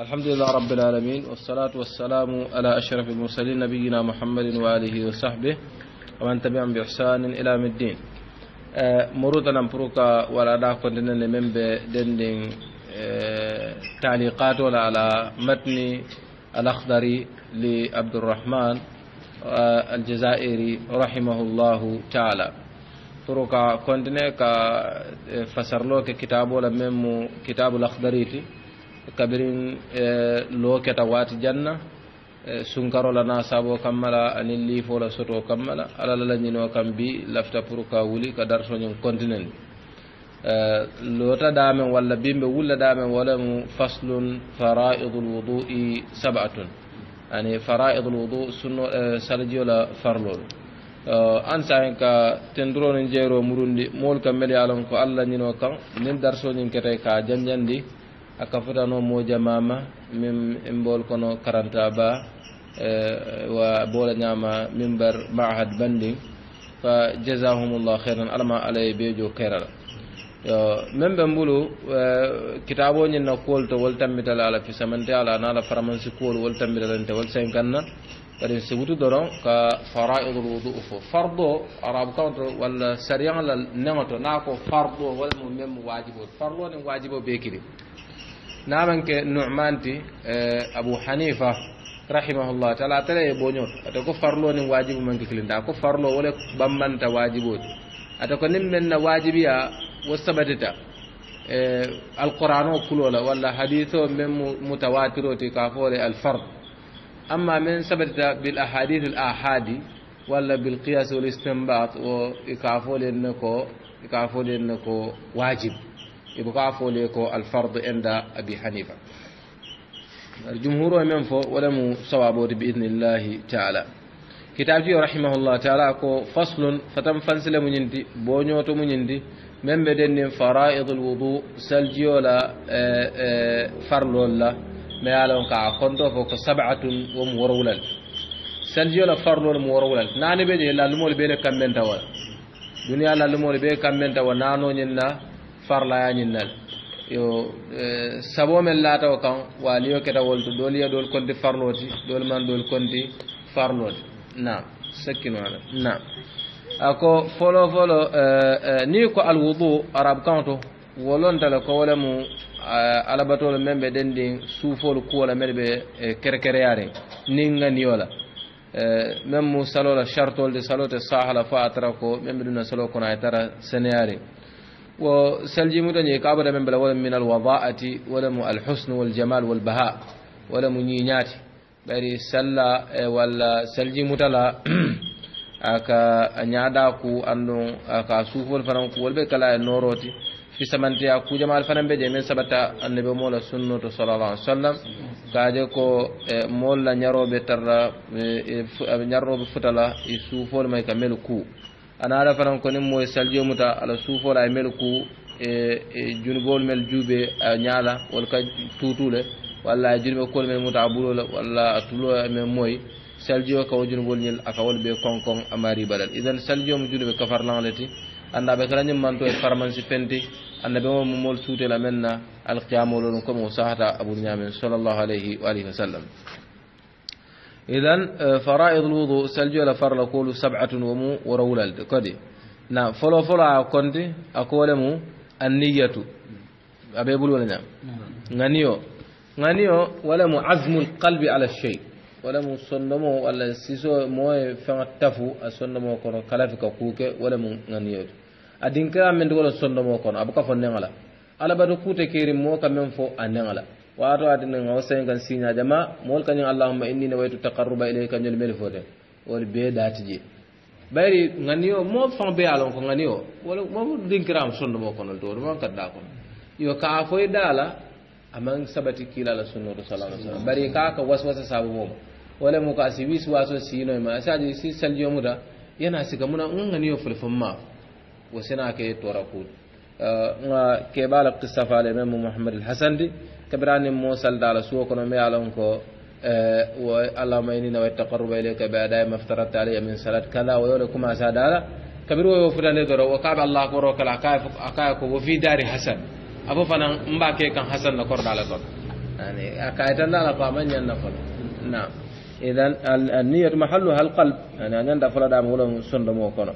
الحمد لله رب العالمين والصلاة والسلام على أشرف المرسلين نبينا محمد وآله وصحبه ومن تبعهم بإحسان إلى الدين مرودا نمبروكا ولا دا كنتنا نمم بدين تعليقات ولا على متن الأخضري لعبد الرحمن الجزائري رحمه الله تعالى فروكا كنتنا كفسر له كتابه لمم كتاب الأخضريتي kabirin e looketa waati janna e sunkarola na sabo kammala ani liifola soto kammala alalalañino kam bi lafta pour ka wuli ka dartoñin continenti e, lootaɗamen walla bimɓe wulleɗamen walamu faslun faraidu lwudui sabatun ani faraidu lwudu sunno e sarjiola farlolu e, an sahen ka tendurono jeyro murundi mowol kam mbeɗe alon ko allah ñino kan nin darsoñin ketey ka janjandi akafuta no moja mama mim mbol kono karanta ba wa bola nyama mimbar ma'had banding fa jazahumullah khairan alama alay bejo kerala yo men ɓe kitabo kitaboñin na kuwol to wol tambitala ala fisamante ala nala faramansi kuwol wol tambitalante wol kanna kadi si wutu doro ka faraidul wudu fu fardo arab kawto wala sariyan la nemato na ko fardo wal mum mem wajibo fardo nin wajibo be kiri نامنك نعمانتي آه، أبو حنيفة رحمه الله تعالى أتلا يبونيو أتكو فرلو نم واجب منك كلنا أكو فرلو ولا بمن تواجبوت أتكو نمنا واجبيا وسبتتا آه، القرآن كله ولا حديثه من متواتر تكافور الفرد أما من ثبت بالأحاديث الآحادي ولا بالقياس والاستنباط وإكافول إنكو إكافول إنكو واجب يبقى ليكو الفرض عند أبي حنيفة الجمهور من فو ولم صوابوت بإذن الله تعالى كتابتي رحمه الله تعالى كو فصل فتم فنسل من يندي بونيوت من يندي من بدن فرائض الوضوء سلجيولا آه، آه، فرلولا ما يعلم كا كونتو فوق سبعة ومورولا سلجيولا فرلول مورولا ناني بيجي لالمول بيلي كمين تاوال دنيا لالمول بيلي كمين تاوال نانو نينا farlaya ñin nal yo sabo men laatawo kan waaliyo keta wolto doolu ye doolu konti farlooti doolu man doolu konti farlooti naam sakkinoana naam ako folo folo ni ko alwudu arab kanto wolontale ko wole mu alabatolu men ɓe ɗen ɗin suufolu kuwola meɗe ɓe kerkereyaren nin ganiyola men mu salola chartolde salote sahala fo a tara ko men ɓe ɗumna salo kono a tara seneyaren wo selljimu ta ñi kaɓata men bela wala min alwadaati wala mu alhusne waljamal walbaha wala mu ñiñaati ɓayri sella e walla seljimutala aka ñaaɗa ku anndun aka suufol fanan ku wol ɓe kala e norooti fi samantiya kujamal fanan ɓe je min saɓatta annabi moola sunnatu salallah alih w sallam kaaje ko e moolla ñarooɓe tarra e, e e ñarrooɓe futala e suufol may ka mel kou ana ala fanan ko nin moye saldio muta ala suufola e mel ku e junubol mel juuɓe a ñaala wala ka tutule walla junube kol mel muta a ɓurola walla a tulo men moyi saldio kawo junubol ñil aka wol ɓe konkon amari balal iden saldio mo junuɓe kafarlanleti anda ɓe kala ñimmanto e farmansi fenti annabi mo mumol suutela men na alqiyamololon comme o sahata abouduñamen sallllahu alayhi wa alihi wa sallam إذن آه، فرائض الوضوء سلجل فرلا كولو سبعة ومو ورولال قدي نعم فلو فلا آه، كنت أقول مو النية أبي ولا نعم غنيو غنيو ولا مو عزم القلب على الشيء ولا مو صنمو ولا سيسو مو فمتفو صنمو كونو كلافك كوكي ولا مو غنيو أدينك من دول صنمو كونو أبقى فنغلا ألا بدو كوتي كيري مو كمين فو أنغلا wato atinen hawsayin kan sinya jama mol kañum allahumma inni nawaitu taqarruba ilayka ñol mel fode wol be dati je bayri ŋani o mo fon be alon ko ŋani o wala mo dinkirama sonnumo konol to woɗuman da kono yo ka dala amang sabati kila sabati kiilala rasulullah sallallahu alaihi wasallam bari ka ka waswasa sababoma wala mo ko asi wiswaso siinoyma asaji si saljomuta yana siga muna ŋa ŋaniyo ma wasina ke torakut eh, nga ke tora qissa fa le kissa muhammad al hasan di كبران موسى دال سوى كنا ما يعلم كو آه، اللهم إني نويت تقرب إليك بأداء ما افترضت عليه من صلاة كذا ويولكم أسادالا كبير ويوفر لدر وكعب الله كروك العقائق وفي دار حسن أبو فانا مباكي كان حسن لكرد على طول يعني أكايتنا لقامن ينفل نعم إذن النية محلها القلب يعني أن فلا دام ولم سند موكنا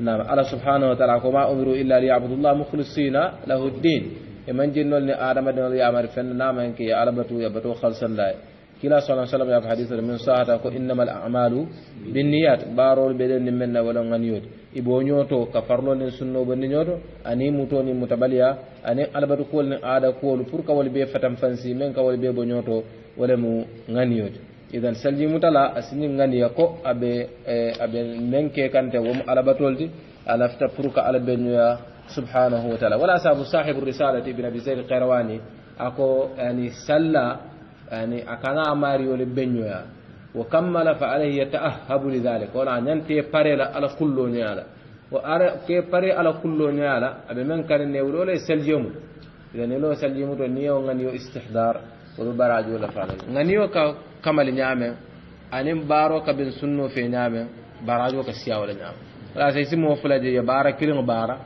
نعم الله سبحانه وتعالى وما أمروا إلا ليعبدوا الله مخلصين له الدين eman jeni noolni adama dinol yamari fenn namahenke ya alabatu ya bato halsanlay kila sa sallam yako hadis ta min sahata ko innama al amalu binniyat baarolu ɓeɗen ni menna walon ganiyoti ibo ñooto ka farlol nin sunno bonni ñooto ani mutoni mutabaliya ani alabatu kuwol nin aada kuwolu pour que wol be fatan fansi men ka wol be bo ñooto wole mu ganiyoti idan salji mutala a sinni ganiya ko aɓe aɓe men ke kante womo alabatol di a lafta pour que ala ɓe ñoya سبحانه وتعالى ولا ساب صاحب الرسالة ابن أبي زيد القيرواني أكو يعني سلا يعني أكنا أماريو لبنيويا وكمل فعليه يتأهب لذلك ولا ننتي بري على كل نيالا وأرى كي بري على كل نيالا أبي من كان نيولو لي سليوم إذا نيولو سليوم تو نيو غنيو استحضار ولو براجو لفعل غنيو كمال نيامه أنيم بارو كبن سنو في نيامه براجو كسيا ولا نيامه ولا سيسمو فلا جي بارا كيلو بارا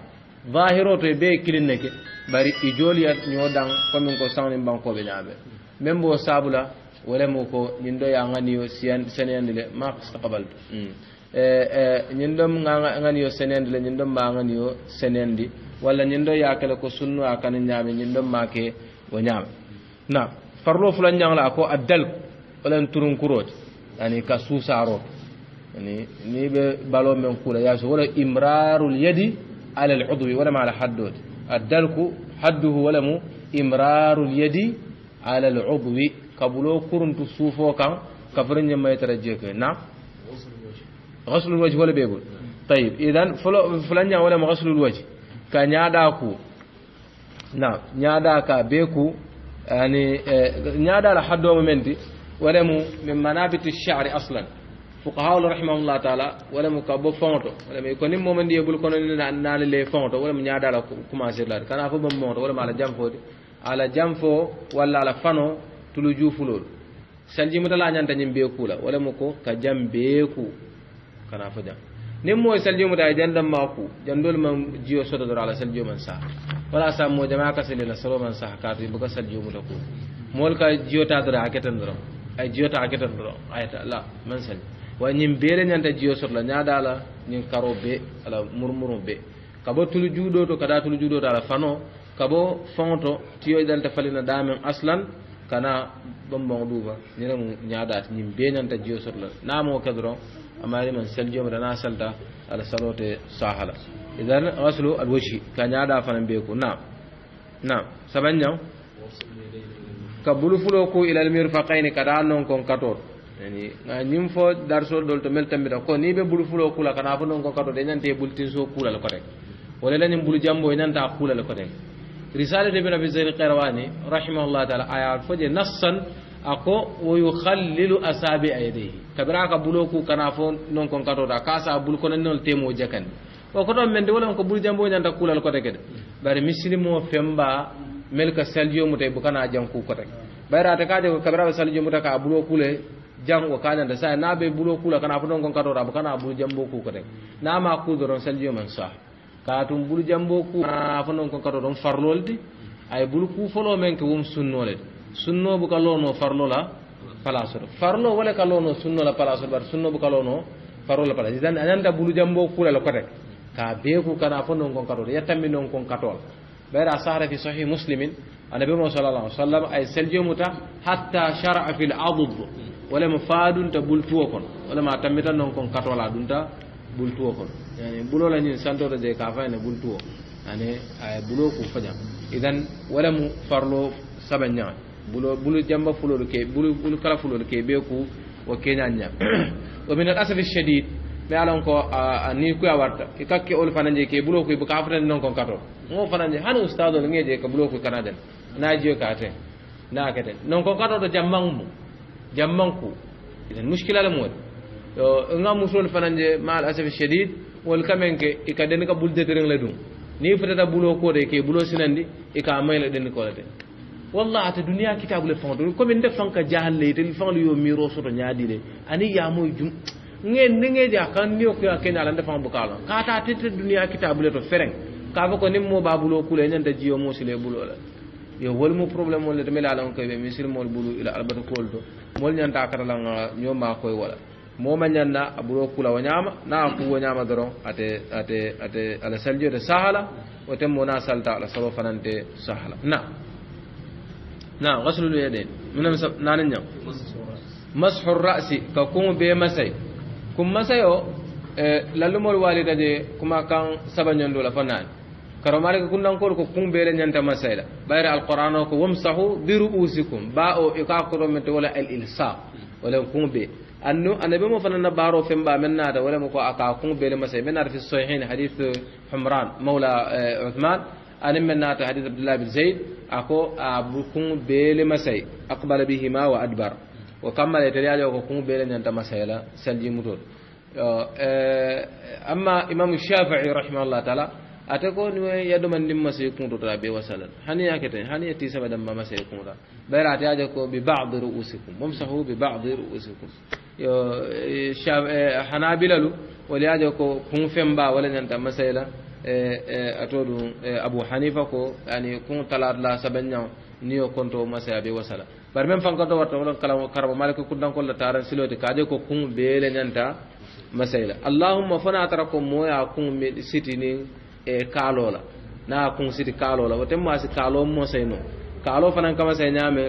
vahiro to e ɓe kilinneke bari i jooliyat ñoodan commin ko sawnin bankoɓe ñaaɓe même bo sabula walemu ko ñin ɗo ya ganiyo seneyandi le maqabaltu mm. e, e, ñin ɗom ganiyo seneyandi le ñin ɗom ma ganiyo seneyandi walla ñin ɗo ya kele ko sunnu a kani ñaame ñin ɗom make o ñaame na farlo fulan ñangla ko a dalk walen turunkurooti ani ka suusaaroto ani ni ɓe balo men kuula yaso wala imraarul yadi على العضو ولم على حدود الدلك حده مو إمرار اليد على العضو قبلو كرنت تصوفو كان كفرن يما يترجيك نعم غسل الوجه ولا بيقول طيب إذن فلان ولا غسل الوجه كان يعداكو نعم يعداكا بيكو يعني آه، يعدا لحدو ممنتي ولم من منابت الشعر أصلاً fuqahawol rahimahullah taala walamu ka bo fon to walamu ko nim momandi e bul kono naani le fon to walamu ñaadala commencé laade kana fo bam moto walamu ala janfode ala janfo walla ala fano tulu juufulol salji mutala ñanta ñim bee kuula walamu ko ka jam bee ku kana fo jam nim mo salji muta e jandam ma ku jandol man jiyo sotodoro ala salji man saha wala sa mo jama ka sali la salo man saha kaatu buka salji muta ku mool ka jiyota doro a ketan doro ay jiyota a ketan doro ayata la man salji way ñin beere ñanta jiyo sotola ñaadaala ñin karo be ala murmuru be kabo tulu juuɗo to kada tulu juuɗo to ala fano kabo fonto tiyo ɗanta falina ɗamen aslan kana bonbon ɗuuba ñinen ñaadaati ñin bee ñanta jiyo sotola naamoo kedoron amaarimen sel jomi dana selta ala salote sahala idan aslu al wasi ka ñaada fana mbee ku naam naam saban ñaw ka bulu fulo ku ilal mir fa kayni kada non kon katoto ani nga ñim fo darsol ɗol to mel tambita ko ni ɓe ɓulu fulo kula kana fo ɗon kokato de ñante bultin so kulal kote wala lani ɓulu jambo e ñanta kulal kote risale de binabi zeyni kairwani rahimahullah taala aya fo je nassan ako wo yuhallilu asabi a yedehi kabiraka ɓulo ku kana fo non konkatoɗa kasa ɓul konanol temo jakandi o koto men de walan ko ɓulu jambo ñanta e kulal kote kede bare misilimo femba mel e ka saldiomuta bukana jan ku kote ɓayrate kaje ko kabiraɓa saldiomuta ka ɓulo kule Jang kañanta sa na ɓe bulo kula kana fo ɗon kon katora abo kana bulu ku ko nama aku dorong saldio man sa ka tum bulu jambo ku kana fo ɗon kon kato ɗon ay bulu ku folo men ke wom sunnole Sunno bukalono ka lono farlola place farlo wala kalono sunno la palasur. bar sunno bukalono lono farlola palasur. idan ananda bulu jambo kulala kotek ka beeku kana fo non kon katol yettanmi non kon katol ɓeyɗa sahra fi sahih muslimin annabi mo sall llah sallam ay seljomuta hatta shara fi l walema faa dunta bultuwo kono walema a tambitan noon kon katola dunta bultuwo kono yani bulo la ñin santoro de ka fayne bultuwo Ane aye bulo ku fajam idan walemu farlo saba ñaam bulo bulu jamba fulolu ke bulu bulu kala fulolu ke be ku wo keña ñaam wa min al asafi shadid ɓe alon ko ni kuya warta ke kakke ol fananje ke bulo kuy ka fatande noon kon kato mo fananje hani ustade ol ŋeje ka bulo kuy kanaden na jiyo ka ten na keten noon kon kato to jammangu mum jammanku idan mushkila la mot nga musol fananje mal asaf shadid wal kamenke ikaden ka bulde tereng la dum ni fotata bulo ko de ke bulo sinandi ika mayla den ko la den wallah ata duniya kitabu le fanto ko min def fanka jahalle te fan yo miro soto nyaadi de ani ya moy jum ngen nge ja kan ni ko ken ala ndefan bu kala ka ta te duniya kitabu le to fereng ka ko nim mo babulo kule nyanta jiyo mo sile bulo la yo wol mo problème wol le to mel ala on ko be mo bulo ila albata koldo mol ñanta karalaŋa ñoo ma koy wala mo ma ñan a ɓuro kula wo na a kuwo doro ate ate ate ala de sahala o tem mo na salta ala salo fanante sahala na na gaslul yeɗen na nan ñam mashu rasi ka kum be masay kum masayo eh, lalumul lallumol waalita je kuma kaŋ sabañondu la fanani karo malika kundankol ko kumbeele ñanta masayla ɓayre alquran o ko wamsahu bi ru'usikum ba o ika koɗomete wala al ilsaq wala kumbe annu annabi mo fanana baaro femba men naata wala ko aka kumbeele masay men naata fi sahihin hadith humran mawla uthman anin men naata hadith abdullah bin zayd ako a kumbeele masay aqbala bihima wa adbar wo kammala e tari ko kumbeele ñanta masayla saljimutol amma imamu shafi'i rahimahullah taala ate ko ni yadoma ndin masay kuntota be wasalan hani yakete hani yetti sama damma masay kunta bayra ate aje ko bi ba'd ru'usikum mumsahu bi ba'd ru'usikum yo hanabilalu wali aje ko kun femba wala nyanta masayla atoɗum abou hanifa ko yani kun talatla sabañaw niyo konto masaya be wasala bari même fankanto warta wolon kala karama malika kuddankolla taran silote kaje ko kun beele ñanta masayla allahumma fona tara ko moya kun sitini e kaalo la na kunsiti kaalo la woten maasi kaalo mo seyno kaalo fanan kama sey ñaame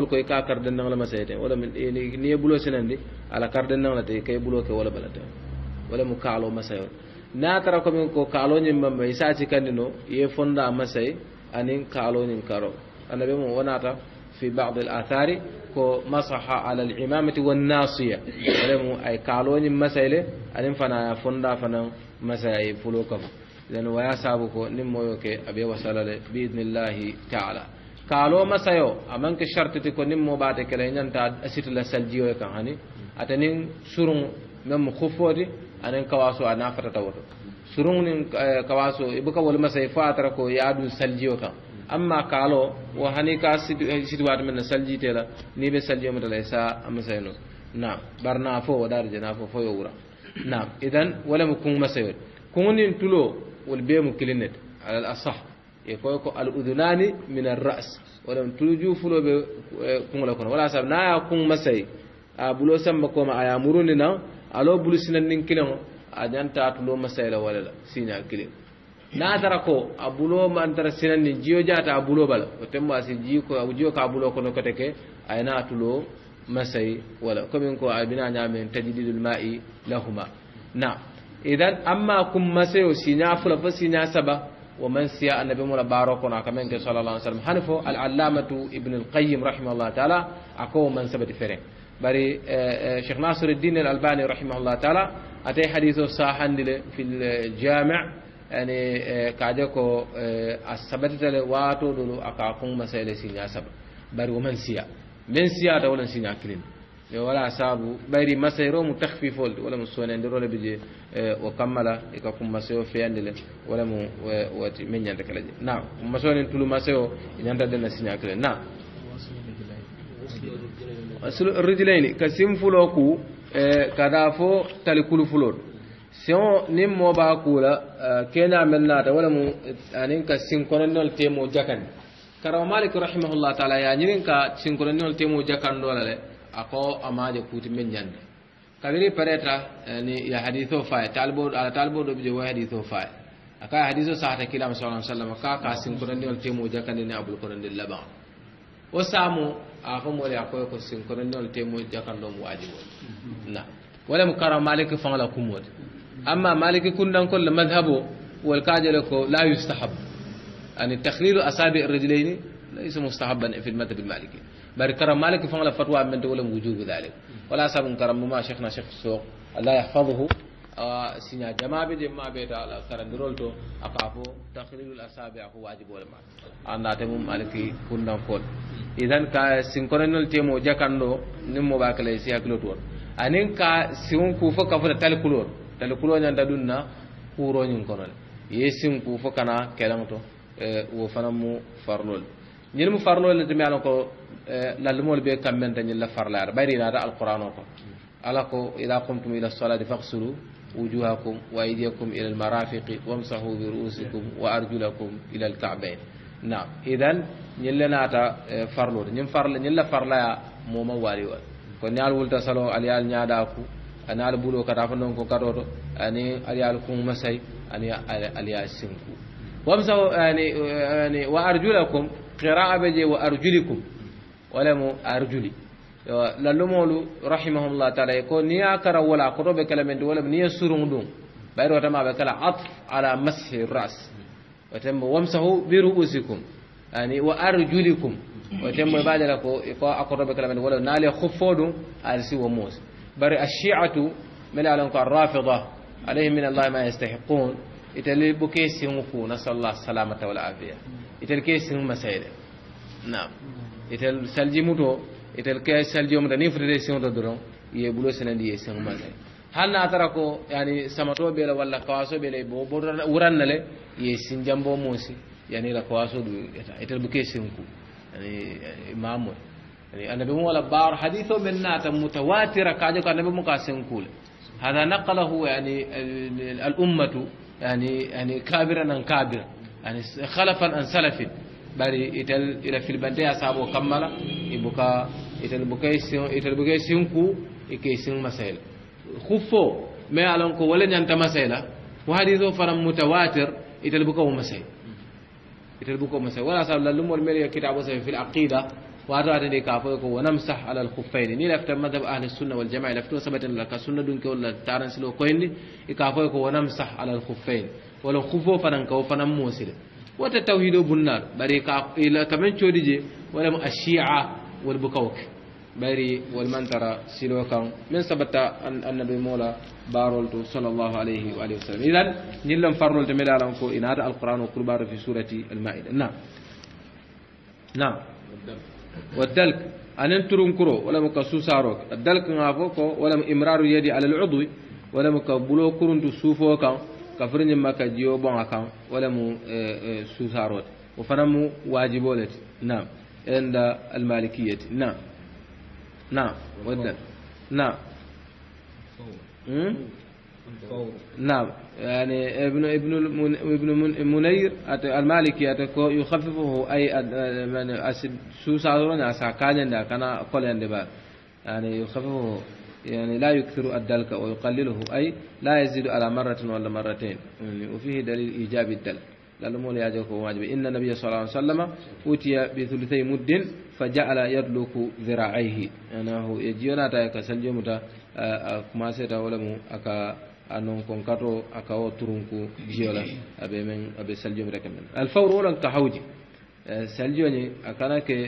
ko koye ka karden nang la ma seyte wala e, ni ye bulo sinandi ala karden nang la te kay bulo ke wala bala te wala mu kaalo ma sey na tara komin ko kaalo ñin mamma i saati kandi no ye fonda ma sey anin kaalo ñin karo annabi mo wonata fi bad al athari ko masaha ala al imamati wan nasiya wala mu ay kaalo ñin masay le anin fana fonda fanan masay fulo kama إذن ويا سابكو نمويوك أبي وسلل بإذن الله تعالى كالو مسايو أمانك شرط تكو نمو باتك لأنت أسيت لسلجيو يكن هني أتنين سرون نم خفوتي أنين كواسو أنا فتتوتو سرون آه، كواسو إبكا والمساي فاتركو يادو سلجيو كان amma kaalo wo hani ka situwaati men na saljite la ni be saljiyo mata la sa amasayno na barna fo wo daari je na fo fo والبيم كلينت على الأصح يكويكو الأذنان من الرأس ولم تلجو فلو بكم لكم ولا سب نا يكون مسي أبلو سمكم أيامروننا ألو بلسنا ننكلهم أجن تاتلو مسي لا ولا لا سينا كلين na tara ko a bulo man tara sinanni jiyo jata a bulo bala o tembo asi jiyo ko abu jiyo ka a bulo kono kote ke ay na tulo masay wala komin ko abina nyamen tajdidul ma'i lahuma na idan amma kun masayo sinya fula fa sinya saba wa man siya annabi mu labaro kono aka men ke sallallahu alaihi wasallam hanfo al allamatu ibn al qayyim rahimahullah ta'ala ako man sabati fere bari sheikh nasiruddin al albani rahimahullah ta'ala atay hadithu sahandile fil jami' yani kaje ko a sabatitale wato dulu aka kun masayle sinya saba bari wa man siya men siya da wannan sinya kilin wala saabu ɓayri masayro mu tahfi folde wala mo sonendirole bije o kammala e ka kum masayo feyande le wala mo wati min ñanta kala je na masonen tulu masayo e ñanta ɗena signa kala na rijilayni ka sim fulo ku kada fo tali kulu fuloɗo siwo nin moɓa kula kena men naata wala mo anin ka sinkononol temo jakandi karawa malik rahimahullah taala ya ñinin ka sinkononol temo jakandola le ako amaje kuti men nyande kabiri pareta ni ya hadithu fa talbo ala talbo do je wa hadithu fa aka hadithu sahata kila sallallahu alaihi wasallam ka ka sin kunan dol temu jakande ni abul kunan dil o samu a ko mo ya ko ko sin kunan dol temu jakando mu wajibo na wala mukarram malik fa la kumud amma malik kundan kol madhhabu wal kajala ko la yustahab an takhlil asabi ar-rijlayn laysa mustahabban fi al-madhhab al-maliki بل كرم مالك فان فتوى من دولة وجوب ذلك ولا سب كرم ما شيخنا شيخ السوق الله يحفظه آه جماعة جما بيد ما بيت على كرن درولتو أقافو تخليل الأصابع هو واجب ولا ما أنا تمم مالك كنا كون إذن كا سينكرن سينكرنال تيمو كنلو نمو باكلي سياكلو تور أنين كا سيون كوفا كفر تالكولور تالكولور نان تدونا كورو نين كونن يسين كوفا كنا كلامتو آه، وفنمو فرلول ñin mu farlol le dum ko lalmol be kammen tan la farla bari na da alquran ko ala ko qumtum ila salati faghsulu wujuhakum wa aydiyakum ila almarafiqi wamsahu bi ru'usikum wa arjulakum ila alka'bayn na idan ñin nata farlo ñin farla ñin la farla mo ma wali wal ko ñal wulta salo al yal ñada ku anal bulo kata fa non ko kadoto ani al yal kum masay ani al yal sinku wamsahu ani wa arjulakum قراءة بجي وأرجلكم ولم أرجلي للمولو رحمهم الله تعالى يقول نيا كرا ولا كرو دو ولا نيا سرون دون بايرو تما بكلا عطف على مسح الرأس وتم وامسحوا برؤوسكم يعني وأرجلكم وتم بعد لك أقرب دو ولا نال خفود على أرسي وموس بري الشيعة من أعلنك الرافضة عليهم من الله ما يستحقون إتلي بكيسي مكو نسأل الله السلامة والعافية إتل كيس سنو مسائل نعم إتل سلجي موتو إتل كيس سلجي ومتا نفرد سنو تدرون يبولو إيه سنن دي إيه سنو مسائل هل ناترا كو يعني سمتو بيلا والا قواسو بيلا بو بورا وران نلي يسن إيه جنبو موسي يعني لا قواسو دو إتل بكيس سنو كو يعني, يعني إمامو يعني النبي مولا بار حديثو من ناتا متواترا كاجو كان نبي مقا سنو كو هذا نقله يعني الأمة يعني يعني كابرا أن كابرا ani khalafan an salafin bari itel ila filbanteya saabo kammala ibuka itel bukay itel bukay sinku ikay sin masayla khuffo me alon ko wala nyanta masayla wa hadithu faram mutawatir itel buka wo masay itel buka wo masay wala sabla lumol mel kitabu sa fil aqida wa atata de ka fo ko wanamsah ala al khuffayn ni lafta madhab ahli sunna wal jamaa laftu sabatan laka sunna dun ko wala taran silo koyni ka fo ko wanamsah ala al khuffayn wala khufo fanan ka fanan mosire wata tawhido bunnar bari ka ila kamen chodi je wala mu ashia wal bukawk bari wal mantara silo kan min sabata annabi mola barol to sallallahu alayhi wa alihi wasallam idan nillam farrol de medalan ko inata alquran wa qur'an fi surati almaida na na والدلك أن أنترون كرو ولا مكسو سارك الدلك نافوكو ولا إمرار يدي على العضو ولا مكبلو كرون تسوفو كان كفرني ما كديو بون أكام ولا مو آه، آه، سوساروت وفنمو واجبولت نعم عند المالكية نعم نعم ودا نعم نعم يعني ابن ابن ابن منير أت المالكي يخففه اي آه، من اسوس عذرنا ساكان كان قول يعني يخففه يعني لا يكثر الدلك ويقلله أي لا يزيد على مرة ولا مرتين يعني وفيه دليل إيجاب الدلك للمول يجوك واجب إن النبي صلى الله عليه وسلم أتي بثلثي مد فجعل يدلك ذراعيه يعني هو يجيونا تايكا سلجمتا آه، آه، كما سيتا ولمو أكا anon kon kato akawo turunku jiyola abe men abe saljo rek men al fawr wala ka hawji saljo ni akana ke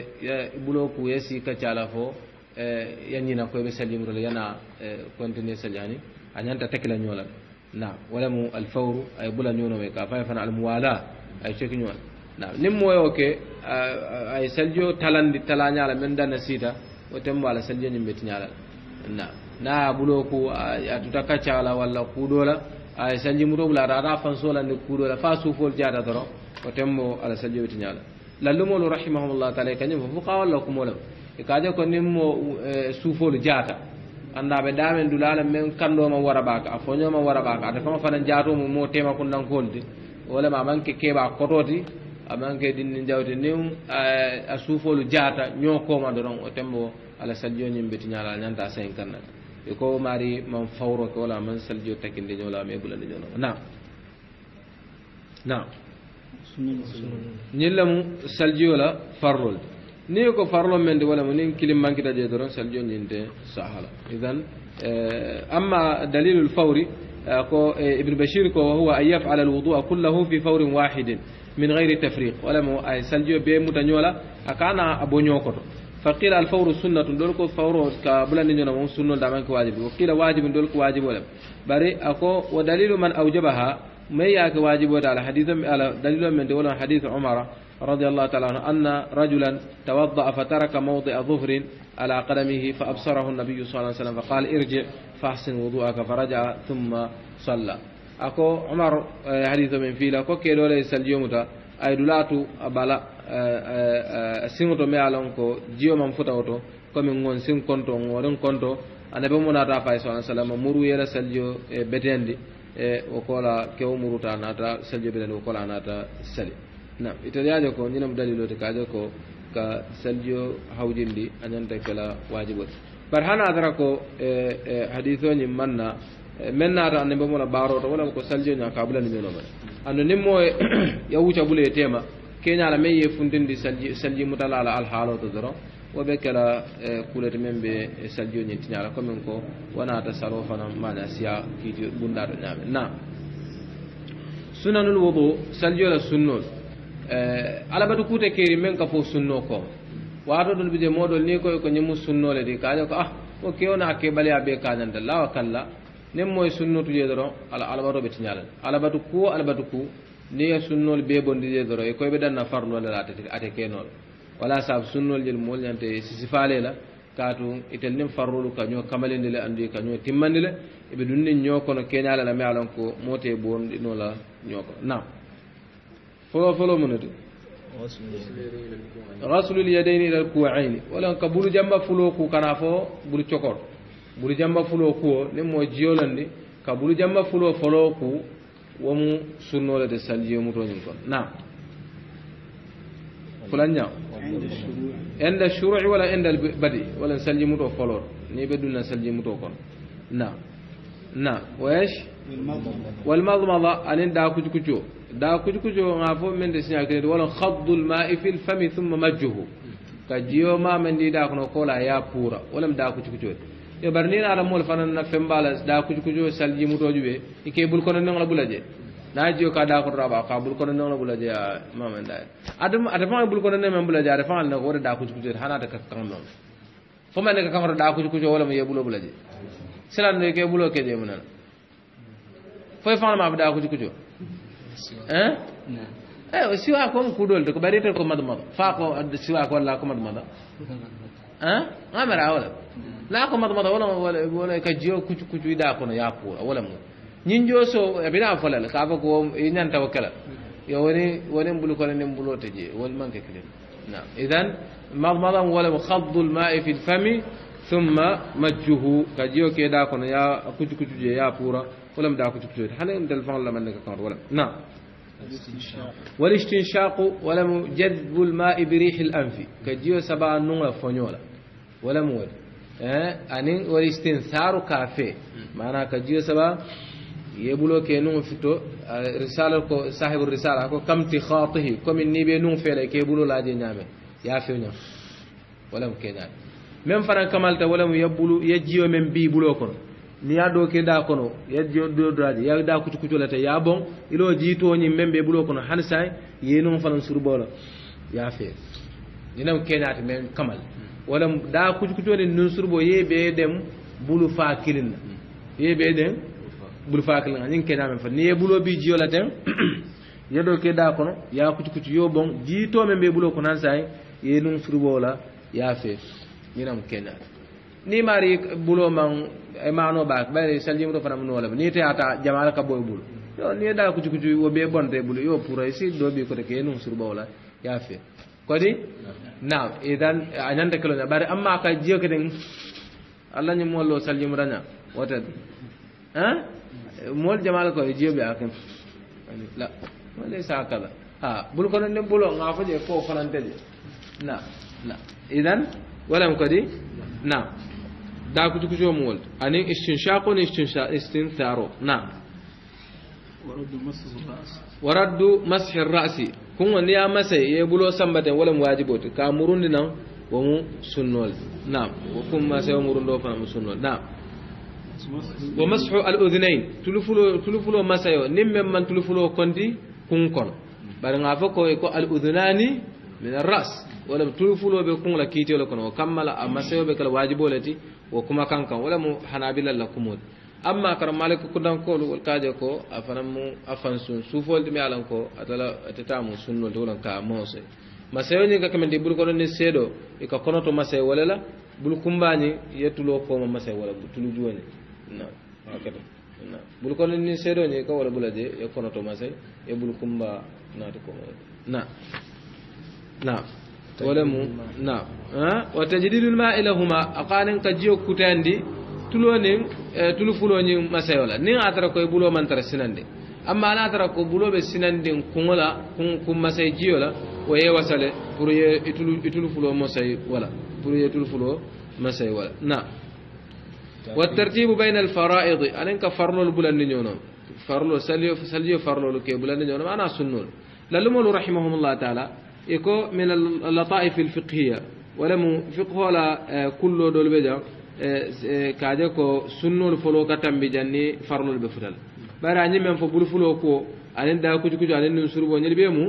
bulo ku yesi ka chala fo آه، ينينا نعم، كوي بسليم ولا ينا آه، كونتيني سلياني يعني. يعني أن أنت تكلا نيولا نعم ولا مو الفور أي بولا نيونا ويكا فايفن على الموالاة أي شيك نيولا نعم نمو يوكي آه، أي سلجو تلان دي تلان يالا من دانا سيدا وتمو على سلجو نمبتن يالا نعم na bulo ko atuta kaccala walla kuuɗola ay saljimuto bula ata ata fan solande kuuɗola fa suufol jaata doro o tembo ala saljoɓe tiñala lallumolu rahimahumllah taala kañum fo fuqa walla kumolem e kaje ko nin mo suufolu jaata anda ɓe ɗamen dulala min kandoma warabaka a ma warabaka ata fama fana jaatomo mo tema kundankonde wolema amanke keɓa kototi amanke ɗinni jawte nin a suufolu jaata ñokoma doron o tembo ala saldio ñin beti ñala ñanta sayin kannata e ko mari man fawro ke wala man saldio takkinde ñola ma ebulande ñonoma nam nam ñillamu saldio la farrolde ni ko farlo men di wala ni kilim man kita je doron sal jonni nte sahala idan eh, amma dalilul fawri eh, ko eh, ibn bashir ko huwa ayyaf ala alwudu kullahu fi fawr wahid من غير تفريق ولا مو اي سالجو بي متانيو لا اكانا ابو نيوكو فقيل الفور سنه دول كو فور كا بلا ني نيو سنه دا مان كو واجب وقيل واجب دول كو واجب ولا بري اكو ودليل من اوجبها مي ياك واجب ودال حديث على دليل من دول حديث عمره رضي الله تعالى عنه أن رجلا توضأ فترك موضع ظهر على قدمه فأبصره النبي صلى الله عليه وسلم فقال ارجع فأحسن وضوءك فرجع ثم صلى أكو عمر حديث من فيلا أكو كيلو ليس اليوم تا أي دولاتو أبالا سيمتو ميالونكو جيو من فتاوتو كمن نgon sin konto ngoren konto أنا munata fay صلى الله عليه وسلم yela يلا سليو بدين o وقولا كيو muruta nata saljo betendi o kola nata sali nam italiade ko ñinam dalilote kaaje ko ka saldio hawjindi añanta kela wajiboti bar hana tara ko e e hadisoñin manna men naata anne mbamola baaroto wala ko saljoña ka bulani menomane anno nimmo e yawuca bule e tema keñala men ye funtindi salji salji mutala ala alhaaloto doron wo ɓe kela kulete men ɓe saljoñin tiñala commin ko wonata saro fana mana siya kiiti bundaɗo ñaame na sunanul wobo saljola sunnol Eh, alabadu kuute keeri men ka fof sunno ko watoɗol bije moɗol ni koye ko ñemu sunnole ɗi kaƴa ko ah o kewna a keɓaleya ɓe kañanta lawa kalla nen moye sunnotuje doro ala alabatoɓe tiñalan alabatu ku alabatu ku ni ye sunnol bebondije doro e koyeɓe danna farlolela ate kenoɗo wala saabu sunnol jel mol ñante sisifale la katu itel nin farrolu kaño kamalidele andi kaño timmandile eɓe ɗum nin ñokono keñalala me alon ko mote bonɗinola ñokono nam فلو فلو منو غسل اليدين إلى الكوعين ولا كبر جنب فلوكو كنا فو بر تشكر بر جنب فلو كو نمو دي كبر جنب فلو فلو كو ومو سنو لدى سالجي ومو رجل فن نعم فلان نعم عند الشروع ولا عند البدء ولا سالجي مو فلور ني بدو سالجي متو كون نعم نعم ويش والمضمضة أن دا كجكجو دا كجكجو غافو من دسنا كده ولا خض الماء في الفم ثم مجه كجيو ما من دي دا كنو كولا يا بورا ولم دا كجكجو يبرنين على مول فنن فمبالا دا كجكجو سالجي متوجو بي كي بول كنن نغلا بولاجي na jiyo ka da ko raba ka bul ko non bula je ma man da adam adam bul ko non men bula je adam na ko da ku ku je hana da ka kan non fo man ka kan da ku ku je wala foye faŋo ma futa a kucu kucu hein eh siwa ko ku dol to bari to ko madu madu fa ko siwa ko la ko madu madu hein amara wala la ko madu madu wala wala ka jiyo kucu kucu ida ko no yapu wala mu ñin jo so bina folal ka fa ko ñan tawakkala yo woni woni mbulu ko ne mbulo te je wol man ke kelen na idan madmadan wala khaddu al-ma'i fi al-fami thumma majjuhu ka jiyo ke da ko no ya kucu kucu je ya pura ولم دعك تبتوت حنا يمدل الفعل لما انك كان ولم نعم والاستنشاق ولم جذب الماء بريح الانف كجيو سبع نونا فنيولا ولم ود اه اني والاستنثار كافي معنا كجيو سبع يبلو كي نون فتو رسالة صاحب الرسالة كم تخاطه كم النبي نون فعل كي يبلو لا دي نعمة يا فينا ولم كي من فرن كمالت ولم يبلو يجيو من بي بلو كنو ni ya ɗo ke da kono yaɗoraje ya da kucu kucu lete ya bon ilo jiitoñin men ɓe ɓuuro kono hani say yenon fanan surbola ya fee ninam keñate men kamal walla da kucu kucuoni nun surbo ye ɓe ɗen ɓulu fa kilinna ye ɓe ɗen ɓulu fa kilina ñin keñamen fa ni ye ɓulo bi jiyo laten yeɗo ke da kono ya kucu kucu yo bon jiitomen ɓe ɓuuro kono hani say yenun surbola ya fee ninam keñate ni maari buloo man e maanoo baak bayre saljimuto fana mun wolema ni teyata jamala ka boy bulu yo ni e daa kucu kucuy wo bee bonte bulu yo puray si doo bii kote kee nun surbawla ya fe kodi naam idan a ñante kiloña bare amma ka jiyo ke den allah ñu moollo saljimutaña woted han mool jamala koye jiyo ɓe akim la mole sa kala ha bul kono ndin bulo ngaafo je fo fonante je na na idan walam kodi naam داكو تكشو مول أني استنشاق استنثار نعم ورد مسح الرأس ورد مسح الرأس كون ونيا مسح يبلو سمبتن ولم واجبوت كامرون دينا ومو سنول نعم وكم مسح ومرون دو فهم سنول نعم ومسح الأذنين تلفلو تلفلو مسح نم من تلفلو كنتي كون كون بل نعفكو يكو الأذنان من الرأس ولم تلفلو بكون لكيتي ولكن وكمل مسح بكال واجبولتي wo kuma kan kan wala mu hanabila la kumol amma karam malik kudankolu wol kajo ko afanan mu afan sun sufol dimi alan ko atala atetamu sunnol tolan ka mose masayo ni ka kamendi bul ko ni sedo e ka konoto masay wala la bul kumbani yetulo ko ma masay wala bul tulu joni na akata na bul ko ni sedo ni ka wala bulade e konoto masay e bul kumba na to ko na na ولمو نعم وتجديد الماء لهما أقارن كجيو كتاندي تلوانين تلوفلوانين مسألة نين أتركوا يبلو من ترى سنندي أما أنا أتركوا يبلو بسنندي كملا كم كم مسألة جيولا وهي وصلة بروي يتلو يتلوفلو مسألة ولا بروي يتلوفلو مسألة ولا نعم والترتيب بين الفرائض ألين كفرلو البلانينيون فرلو سليو سليو فرلو كي البلانينيون أنا سنول للمولو رحمهم الله تعالى iko min allataif alfiqhiya walemu fiqhola eh, kullo dolu ɓe jan eh, eh, kaje ko sunnolu folo kattanbi janni farlolu ɓe futal bari añimmen fo bulfulo kuwo anin da kuju kuju anin nin surbo ñeli ɓe mu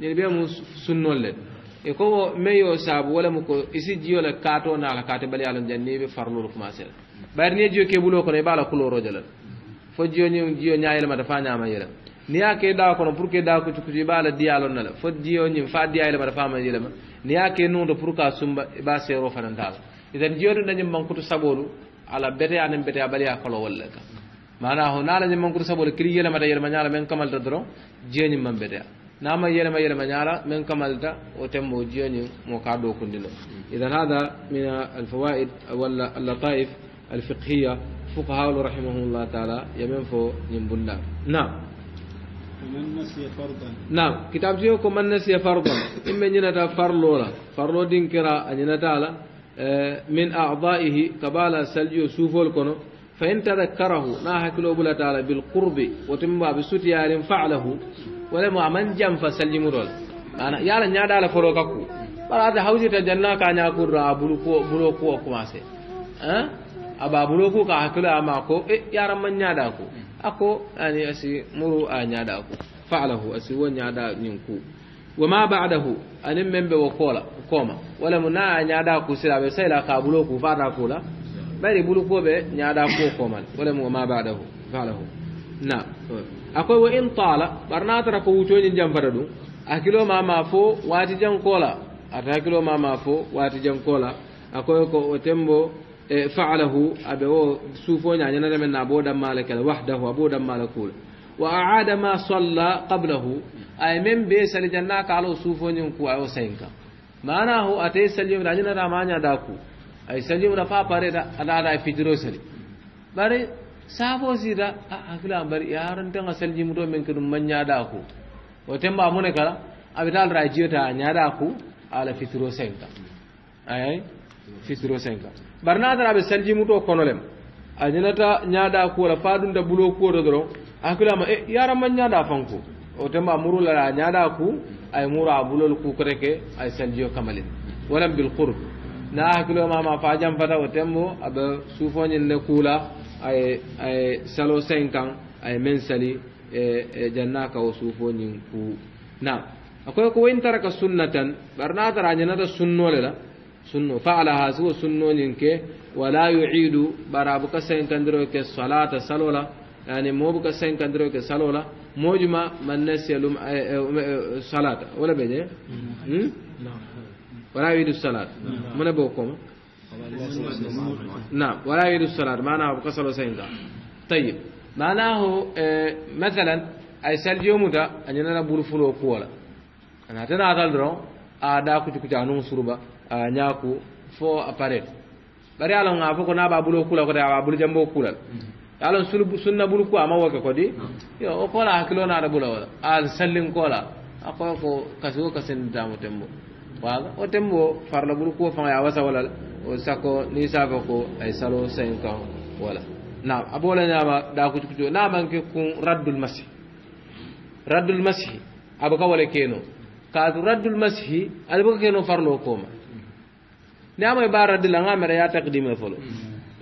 ñeli ɓe mu sunnol le eko wo mayo saabu walemu ko isi jiyole kato nala kate bali alon janni ɓe farlolu commencéla bari ni jiyo kebulo kono i e ɓa la kulorojo lal fo jiyo jiyo ñayelmata fa ñama yelem ni ya ke da kono pour que da ko ci ba la dialo na la fo diyo nyim fa diya le mara fama yele ma ni ya ke nundo pour ka sumba ba se ro fanan dal idan jiyodu nanyim mankutu sabolu ala bete anen bete abali akolo walla ka mana ho nala nyim mankutu sabolu kiri yele mata yele manyala men kamal da dro jiyenyim man bete nama yele ma yele manyala men kamal da o tembo jiyenyim mo ka do kundilo idan hada min al fawaid wala al lataif الفقهية فقهاء رحمه الله تعالى يمنفو ينبلنا نعم نعم كتاب جيو كو من نسي فرضا إما ينتا فرلو لا فرلو دين كرا ينتا لا آه، من أعضائه كبالا سلجو سوفو الكونو فإن تذكره نا هكلو بلا تعالى بالقرب وتمبا بسوتيار فعله ولم من جم فسلم رول أنا يالا نيادا لا فرو كاكو بلا هذا حوزي تجنا كانيا كورا بلو كو بلو كو آه؟ أبا بلو كو كاكلو إيه يارا من نيادا كو ako ani asi muru a ñaada ako faalahu asi wo ñaada ñin ku ma badahu anin men be wo koola kooma walamu na a ñaada ku sila ɓe sayla ka bulo ku fata kula ɓayri bulu ko ɓe ñaada ko koomal walamu wama badahu faalahu na akoy wa in taala ɓarna tara ko wucoñin jam fata ɗum hakkilo mama fo wati jan kola ata hakkilo mama fo wati jan kola akoy ko o tembo فعله أبو سوفون يعني نرى من أبو دم مالك وحده أبو دم مالك وأعاد ما صلى قبله أي من بيس الجنة على سوفون ينكو أو سينكا معناه هو أتي سليم رجل رمانيا داكو أي سليم رفا بارد على على في سليم بري sabo سيدا a hakila bari yaron tan asal jimto min kudum manya da ku o temba mun kala abital rajiyo ta nya da ku ala fitro senta senka barna bari be aɓe muto konolem a ñanata ko la fa da bulo ko do doron ma e eh, yaranma ñaada fanko o temba muru la ñaada ku ay muru abulo ku kreke ay saljiyo kamalin walam bil qurb na akula ma ma fajam fata o tembo sufo suufoñin ne kula ay ay salo 5 ay men sali e, e janna ka o sufo suufoñin ku na akoy ko wayn taraka sunnatan barna tara a sunno le la sunno fa'alaha suwo sunnoñin ke wala yuidu bara buka kandiro ke salata salola yani mo bu buka kandiro ke salola mojuma man nasiya eh, eh, um, eh, salata wala beje je hmm? wala yuidu salat mune bo koma na wala yuidu salat manaho buka salo senka tayib ho mathalan ay saljo muta anyana ñanana buru fulo kuwola anatena atal doron a da ku ci anu suruba a ñaaku fo a paret bari alon nga fo ko naɓa bulo kula kote awa bulu jambo kulal alon sul sunna bulu ku ama woke kodi yo o kola hakkilo naata bula wala al sallin kola a koyo ko kasi wo kasinditamo tembo waga o tembo farla bulu kuwo faŋa ya wasa wala o sako ni safe ko ay salo sayin kan wala naam a bola ñama da kucukucu namanke kun raddul masih raddul masih abuka wala keno kaatu raddul masih abuka keno farlo koma نعم بارد لنا مريا تقديم فلو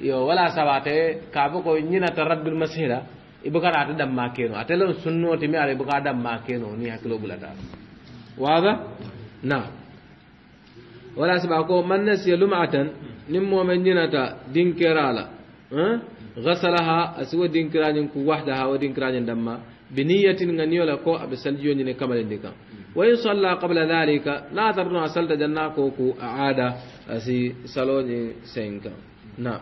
yo wala sabate ka bo ko ñinata raddul masira i bukarata damma keno atelon sunnoti mi ara i buka damma keno ni hakkilo bulata waga na wala saba ko man nasiya lumatan nin momen ñinata dinkirala gasalaha asi wo dinkirañin ku wahdaha wo dinkirañin damma biniyatin ga niyola ko aɓe saljiyoñine kamalindi kam wa in salla qabla dhalika na tarno a salta janna ko ku aada asi saloje senka na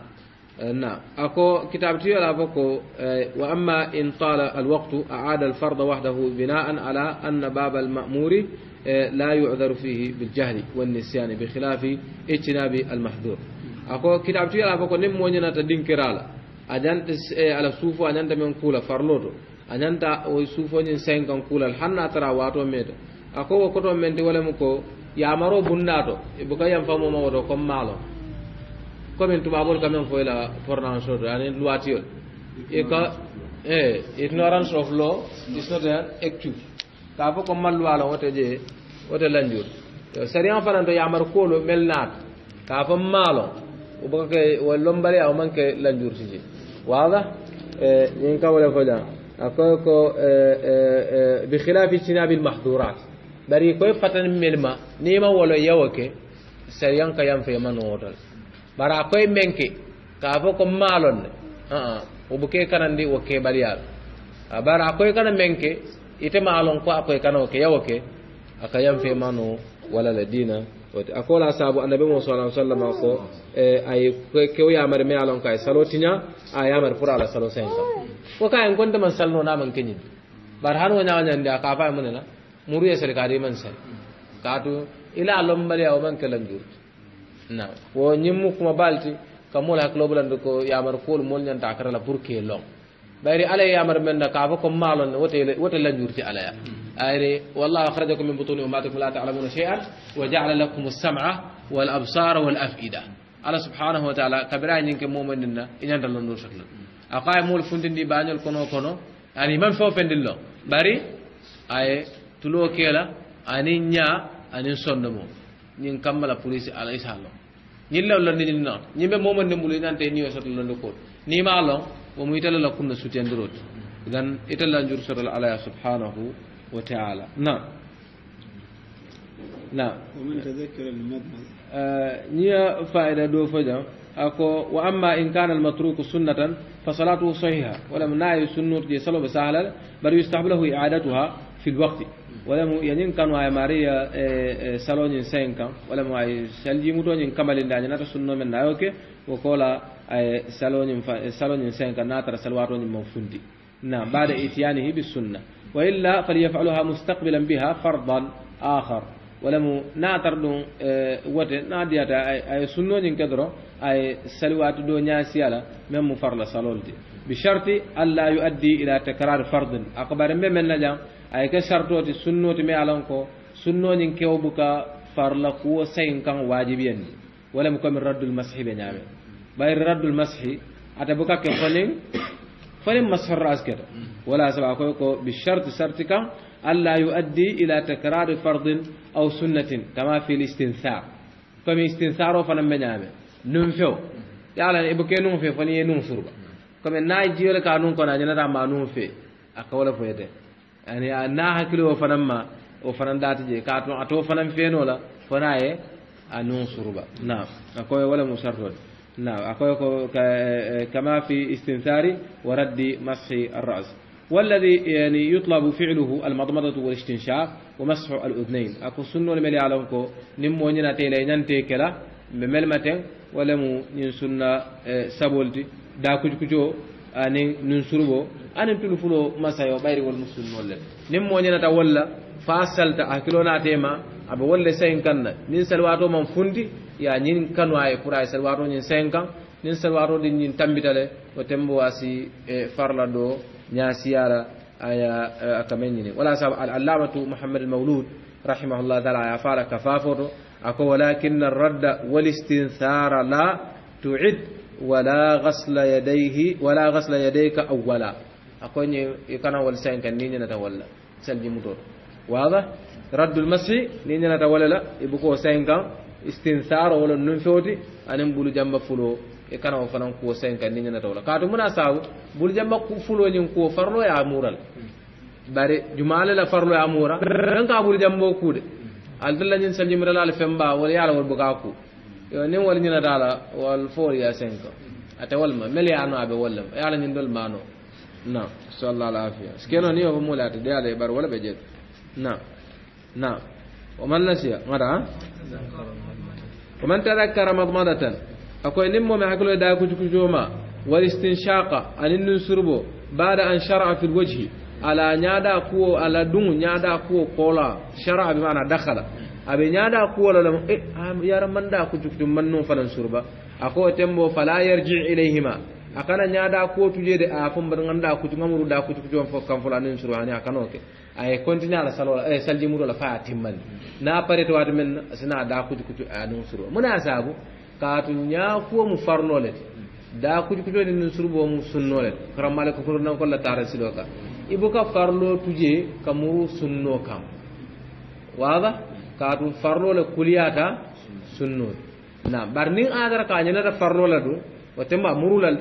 نعم أكو كتاب تيو لابكو وأما إن طال الوقت أعاد الفرض وحده بناء على أن باب المأمور لا يعذر فيه بالجهل والنسيان بخلاف اجتناب المحذور أكو كتاب تيو لابكو نمو نينا تدين كرالا أجان على سوفو أجان تمن كولا فرلوتو أجان تا سوفو نين سينكم كولا الحنا ترى واتو ميتو أكو وكتو منتي ولمكو yamaro bunnato buka yam famoma woto comme maalo commin tubabol kamen foy la pronounce oto ani luwatiyol e ka e ignorance of law is not an excuse ka fo comme malluwalo wote je wote lanjur sariyan fananto yamar kolo mel naato ka fo maalo buka ke wo lombale aw man ke lanjur tije wada ñin kawole fo jang akoy ko bikhilafi tinabi lmahdurat bari koy fatan melma ma wolo yawoke ke ka yan fe man wotal bara koy menke ka fo ko maalon ne aa wobu ke kanandi wo keɓaliyal bara koy kana menke ite maalon ko a koye kana wo ke yawoke aka yam fe ma wala ladina dina wati a kola saabu annabi mo sala sallama ko e, ay o yamar me alon kay salotinya tiña a yamare ala salo cinq ans ko kayen gonde man salno naman keñin bar han wo ñawañandi aka fa fa na. مريه سرقاري من سر كاتو إلى علم بلي أو من كلام جورت نعم ونيمك ما بالتي كمول هكلو بلندكو يا مر فول مول نان تاكر لا بركي لون بيري على يا مر من دكابو كم مالون وتل وتل لنجورتي على يا أيري والله أخرجكم من بطون أمهاتكم لا تعلمون شيئا وجعل لكم السمع والأبصار والأفئدة على سبحانه وتعالى كبرا ينك مؤمن لنا إن عند الله نور شكل أقايمول فندي بانيل كنو كنو يعني من فوق فندي الله أي tulo kela ani nya ani sonno mo nyin kamala police ala isalo nyin la lo ni no nyin be momo ndemul ni nante ni yosot lo ko ni ma lo o mu itala la kunna sutendrot dan itala njur sotal ala subhanahu wa ta'ala na na ومن تذكر المضمض نيا فائده دو فجا أكو وأما إن كان المتروك سنة فصلاته صحيحة ولم نعي سنة دي صلو بسهلا بل يستحب له إعادتها في الوقت ولم ينين كانوا أي ماريا سالون ينسين كان ولم أي سالجي مدون كمال إن دانينا سنو من نايوك وقولا أي سالون ينفا سالون ينسين كان ناتر سلوارون يمفندي نعم بعد إتيانه بالسنة وإلا فليفعلها مستقبلا بها فرضا آخر ولم ناتر دون وات نادياتا أي سنو ينكدرو أي سلوات دنيا سيالا من مفرلا سالولدي بشرط ألا يؤدي إلى تكرار فرض أقبل من نجام ay ke sartoti sunnoti me alan ko sunnoñin kew buka farla kuwo sayin kan wajibiyanni wala mu komin raddul masihi ɓe ñaame ɓayri raddul masihi ata buka ke folin folin masihorra asketa wala saba koy ko bi charte sarti kan alla yuaddi ila takrari fardin aw sunnatin kama fi l istinsar komi istinsar o fanan ɓe ñaame num few yalan ibo ke num fe folin ye num surba komin nayi jiyole ka num kona ñanata ma num fe a kawala foyete يعني أنا هكلي وفنم ما وفنم داتي كاتو أتو فنم فين ولا فناي أنون سربا نعم أكوي ولا مسرور نعم أكوي كما في استنثاري وردي مسح الرأس والذي يعني يطلب فعله المضمضة والاستنشاق ومسح الأذنين أكو سنو الملي عالمكو نمو نتي لينان تيكلا بملمتين ولمو ننسونا آه، سبولتي داكوج كجو anin nun surubo anin tulu fulo masayo ɓayri wol musulmol le nin moñanata walla fa salta hakkilo natema aɓe wolle sayin kanna nin salwato man funti ya ñin kanu aye pour aye salwato ñin sayin kan nin salwato ɗin ñin tambitale o tembo wasi e farla ɗo ñasiyara aya akamen ñini wala sabu al allamatu mouhamad al mawlud rahimahullah taala aya fala ka fafoto ako walakinna radda walistinthara la tuid ولا غسل يديه ولا غسل يديك أولا أكون يكون أول سين كان نيني نتولى سلبي مدور واضح رد المسح نيني نتولى لا يبقوا سين كان استنثار ولا ننفوتي أنا بقول جنب فلو يكون أول فلان سين كان نيني نتولى كاتو منا ساو بقول جنب فلو نين كوا فرلو يا مورال bari jumaale la farlo amura ran ka jambo kude aldalla nyin sanjimira la femba wala yala wal bukaku yo nin wol ñina dala wal fool ya senko ate wolma mel ya no abe wollam yala ñin dol mano na sallallahu alaihi wasallam skeno ni yo mula ate dala bar wala be jet na na ومن نسي مرة ومن تذكر مضمضة أكوي نمو ما حكلو دا كجوما والاستنشاق أن نسربو بعد أن شرع في الوجه على نادا كو على دون نادا كو قولا شرع بمعنى دخل abe ñaada kuwolo lemo e eh, ah, man da ku cuktum man num fanan surba ako e tembo fala yarji ilayhima akana ñaada kuwo tujede a fo mbaɗ ku kucu muru da kucuku jon fof kam fulanin nen surba ani akano ke ay kontinya la salola e eh, saljimurola fa a timmani na to wade men sina da kucukucu anin ah, surba muna saabu kaatu ña ku mu farnole te da kucukucode nin bo mu sunnole karam karamale ko nan kolla tara silo ka ibuka farlo tuje kamuru sunno kam waga kaatu farlo le kuliyata sunno na bar nin adara ka ñanata farlo la du o temba murulal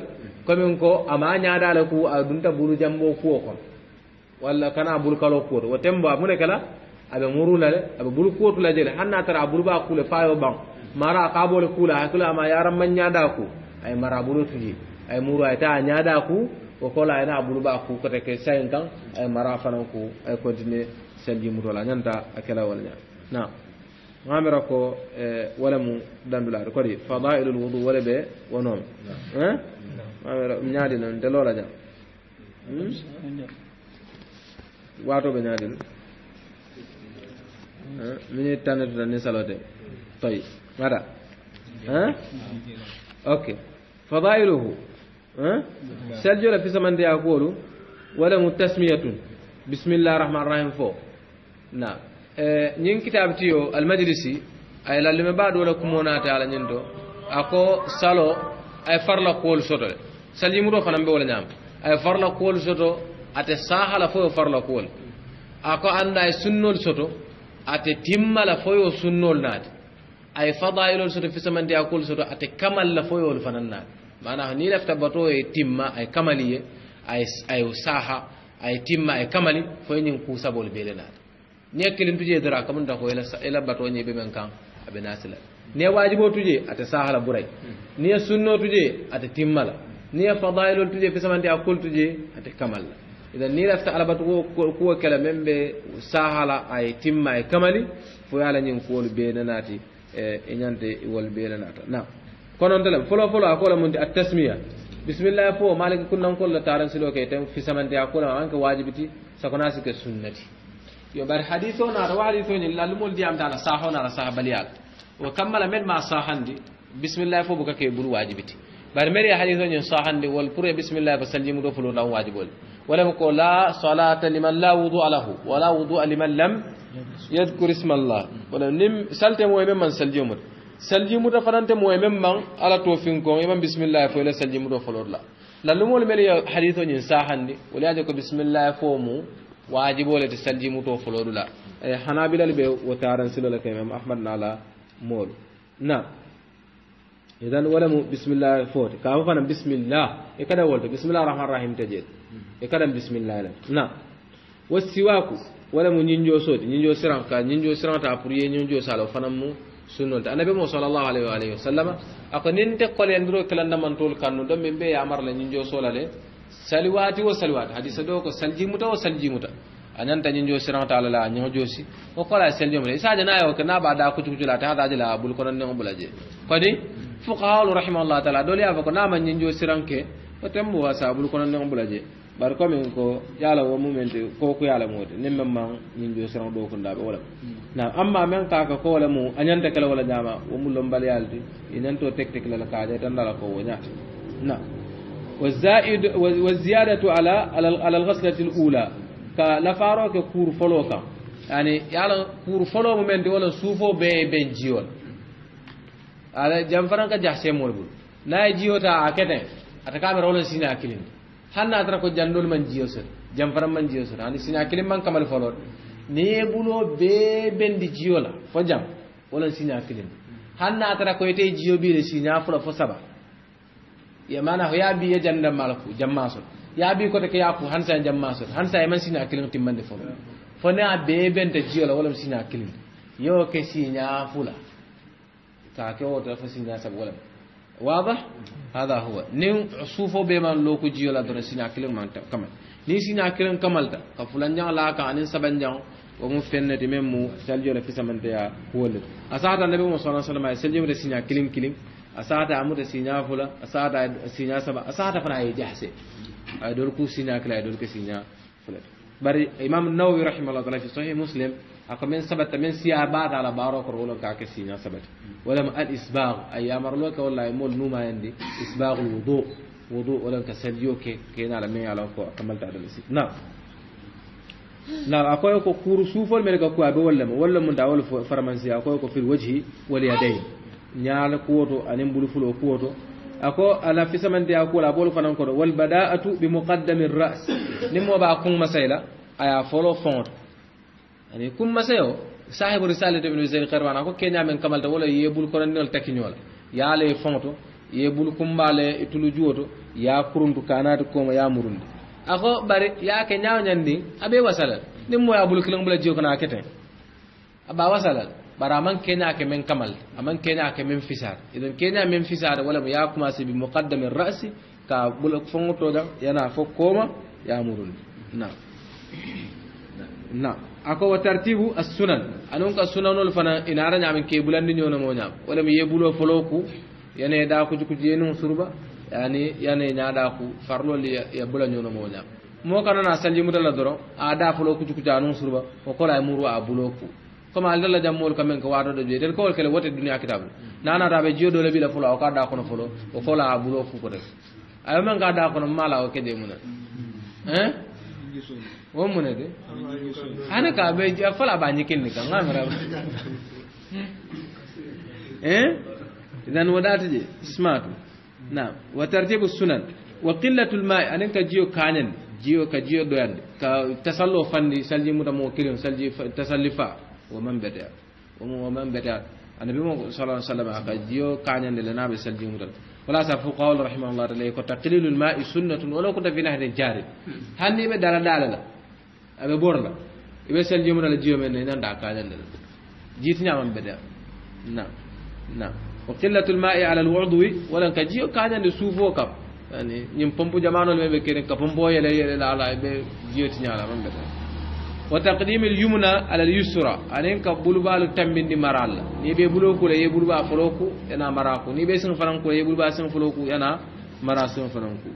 commin ko ama la ku a dunta bulu jambo kuwo kono walla kana bulu kalo kuwoto o temba mune kala aɓe murulale aɓe bulu kuwotu la jele hanna tara a buruba kuule fayo ban mara a kaɓole kuula hakkilo ama yaram man ñaada ku ay mara bulu tuji ay muru ay ta a ñaada ku o kola ayna a buluba ku kote ke sayin kan ay mara fanan ku ay continue selji mutola ñanta a kela wala ñaa نعم غامرة كو آه، ولا مو دندولار كوري فضائل الوضوء ولا به ونوم نعم ها غامر نيادي نون دلولا جام نعم. واتو بنيادي من يتانت رني سلوتي طيب مرة ها اوكي فضائله ها نعم. سجل في زمن دي اقولو ولا متسمية بسم الله الرحمن الرحيم فوق نعم Eh, ñiŋ kitaabe tiyo almadrisi a ye lallume baado wo la kumo naate a la ñiŋ to a ko salo a ye farla kuwolu soto le salimuro fanaŋ be wo la ñaama a ye farla kuwolu soto ate saaha la fo yo farla kuwolu a ko anda a ye sunnolu soto ate timma la fo yo sunnolu naati a ye fadailolu soto fisamantiya kuwolu soto ate kamal la fo yoolu fanaŋ naati manaa niŋ lafita bato ye timma a ye kamali ye a ye saaha a ye timma a ye kamali fo ye ñiŋ kuu sabolu bee le naati ñe kilim tuje dara kam ta ko ila bato ñe be men kan abe nasila ni wajibo tuje ata sahala buray ni sunno tuje ata timmala ni fadailo tuje fi samanti akul tuje ata kamala idan ni rafta albatu ko ko kala membe sahala ay timma ay kamali fo yala ñin ko wol be nanati e ñante e wol be nanata na kono ndalam folo folo akola mun ti at tasmiya bismillah fo malik kunnan kollo taran silo ke tan fi samanti akula anka wajibiti sakona sikke sunnati yo bari hadiso naata wo hadiso ñin lalumol diyam tala saho nara saha baliyal wo kammala men ma sahandi bisimillahi fo buka ke buru wajibiti bari meri hadiso ñin sahandi wol pour e bisimillahi ba saljimu ɗo fulo tan wajibol ولم يقول لا صلاة لمن لا وضوء له ولا وضوء لمن لم يذكر اسم الله ولم نم سلت مو من سلجمر سلجمر فرنت مو من على توفينكم يمن بسم الله فولا سلجمر فلور لا لالمول ملي حديث ني ساحندي ولا جكو بسم الله فومو wajibo le te salji muto fuloru la e hanabila be wo taran silo le kemem ahmad nala mol na idan wala mu bismillah fot ka fa fana bismillah e kada wolto bismillah rahman rahim tajet e kada bismillah la na wasiwaku wala mu nyinjo soti nyinjo siran ka nyinjo siran ta pour ye nyinjo salo fana mu sunnolta annabi mo sallllahu alayhi wa alihi wa sallama ako nin te kolen ndiro kilandamantol kannu ɗon min ɓe yamarla ñinjo solale salwaati wo salwaati hadisa ɗo ko saljimuta wo saljimuta a ñanta ñin joosi rangata ala la a ñoo joosi wo kola seljomre isaje na yo ke na ba da kucu kucu la ta hadaji la bul kono nen bula je kodi fuqahalu rahimahullah taala dole ya ko na ma ñin joosi ranke o tembo wa sa bul kono nen bula je bar komin ko yala wo mumente ko ku yala mode nen men man ñin joosi rang do ko ndaɓe wala na amma men ka ka ko wala mu a ñanta kala wala ñama wo mu lombaliyalti i ñanto tektekilala kaaje tan dala ko wo ñaati na والزائد والزيادة على على الغسلة الأولى كلفاروك كور فلوكا يعني يالا كور فلو من دولا سوفو بي بي جيول على جنفران كجح سيمور بول نا جيوتا أكتن أتكامي رولا سينا كلين حنا أتركو جنول من جيو سر جنفران من جيو سر يعني سينا كلين من كمال فلو نيبولو بي بي بي جيولا فجم ولا سينا كلين حنا أتركو يتي جيو بي لسينا فلو فسبا ya mana ho yaabi ye jandam malaku jammasol yaabi kote ko yaku hansa jammasol hansa e man sina kilin timmande fo fo ne a bee benta jiyola wala sina kilin yo ke siña fula ka ke woto fo siña sabu wala واضح هذا هو نين صوفو بما لوكو جيولا دون سينا كيلن مانتا كمان ني سينا كيلن كمالتا كفلان جان لا كان سبان جان ومو فنت ميمو سالجو لا في سمنتيا هو لد اساعد النبي صلى الله عليه وسلم سالجو لا سينا كيلن كيلن asata amuta siña fula asata siña saba asata fana ay jahse ay dol ku siña kala ay dol ke siña fula bari imam nawawi rahimahullah taala fi sahih muslim ako min sabata min siya baata ala baro kor wolon ka ke siña sabata walam al isbagh ay amarlo ka wallahi mol numa yandi isbagh al wudu wudu wolon ka sadiyo ke ke na la min ala ko kamalta dal si na na akoy ko kuru sufol mel ka ko abe wallama wallama dawol faramansi akoy ko fil wajhi wal yadayn ñaala kuwoto anin mbulufulo kuwoto a ko ala fisamanti a kuola a boolu fanan koto walbadaatu bi muqaddami ras ni mooba a kunmasayla aya folo fonto ani kunmasayo sahibu risalete ibne usain kherwan a ko keñamen kamalta wala ye bulu koronndiol takiñola yaalaye fonto ye bulu kumbala tulu juwoto ya kuruntu kanaati kooma ya murundi a ko bari ya ke ñawñandi aɓe wasalal ni mooya bulu kilan bula jiyo kono a keten aɓa wasalal bara man kena ake men kamal aman kena ake men fisar idan kena men fisar wala ya kuma sai bi muqaddamin ra'si ka bulak fongoto da yana fo koma ya murun na na ako wa tartibu as-sunan anun ka sunanul fana inara nyamin ke bulandi nyono mo nyam wala mi yebulo foloku yana da ku ku jenun surba yani yana nyaada ku farlo li ya bulan nyono mo nyam mo kana na sallimu dala doro ada foloku ku ku janun surba ko kola muru a buloku comme al dalla jam mool kamen ko wato do je del ko kele wote dunya kitab nana rabe jodo le bila fula o ka da kono fulo o fola abulo fu ko def ayo men ka da kono mala o kede mun hein wo mun de ana ka be fala ba nyikin ni kan ngamara hein idan wadata je smart na wa tartibu sunan wa qillatu al-ma'i anan ka jiyo kanen jiyo ka jiyo doyande ka tasallo fandi salji mutamo kirim salji tasallifa ومن بدأ ومن بدأ أنا بيمو صلى الله عليه وسلم قد ديو كان لنا بسل جمرة ولا سافو قول رحمه الله عليه كنت قليل الماء سنة ولو كنت في نهر جارب ما دار دار دالا أبي بورلا يبقى سل جمرة لجيو من هنا دعا كان لنا جيتني من بدأ نعم نعم وقلة الماء على الوعضو ولا كجيو كان لسوفو كب يعني يم pumps جمانو المبكرين كبمبو يلي يلي لا لا يبقى جيو على من بدأ wa taqdimil yumna ala yusra anin ka bulbalu di maral ni be bulo ko le bulba foloku yana maraku ni be sin faran ko le bulba foloku yana mara sin ko ku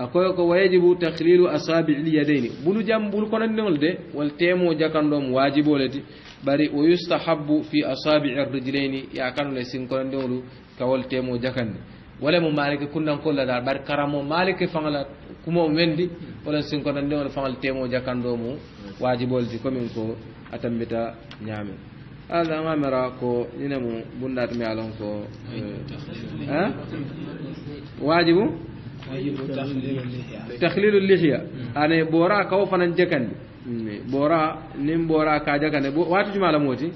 akoy ko wajibu takhlilu asabi'il yadayn bulu jam bul ko nan de wal temo jakandom wajibo leti bari wa yustahabbu fi asabi'ir rijlaini ya kanu le sin ko nan ka wal temo jakande wala mu maliki kunnan kolla dal bari karamo maliki fangala kumo mendi wala sin ko nande wala fangal temo jakando mu wajibol di komin ko atambita nyame ala ngamara ko ina mu bundat mi alon ko ha wajibu تخليل اللحية أنا بورا كاو فنان جكندي بورا نيم بورا كا جكندي واتو جمالة موتي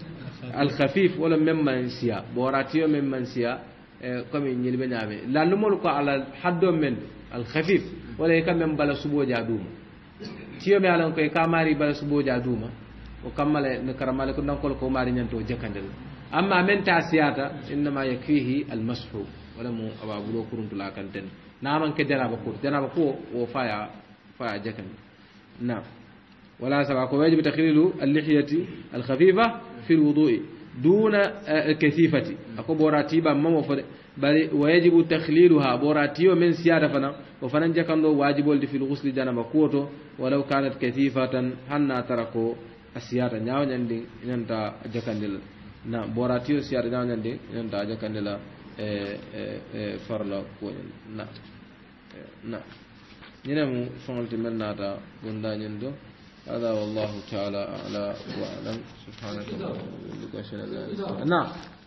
الخفيف ولا ممن سيا بورا تيو ممن سيا كم ينلبي نامي لا نمرق على حد من الخفيف ولا يكمل من بالسبوع جادوما تيوم يعلم كي كاماري بالسبوع جادوما وكمل نكرمال كنا نقول كماري ننتو جكندل أما من تأسياتا إنما يكفيه المسحوب ولا مو أبو لو كرنت لا كنتن نعم كدنا بكور دنا بكور وفايا فايا جكن نعم ولا سبعة كواجب تخليلو اللحية الخفيفة في الوضوء duna eh, kesifati ako bora tiba mamo fode bari wa yajibu tahliluha bora tiyo men siyada fana o fana jakando wajibolde fil ghusli janaba kuoto walaw kanat kesifatan hanna tara ko a siyata ñawañandi inanta jakandila na bora tiyo siyata ñawañandi inanta jakandila e eh, eh, farla koñal na na ñenemu fonolti men nata bonda ñen do هذا والله تعالى أعلى وأعلم سبحانك اللهم وبحمدك أشهد أن لا إله إلا أنت نعم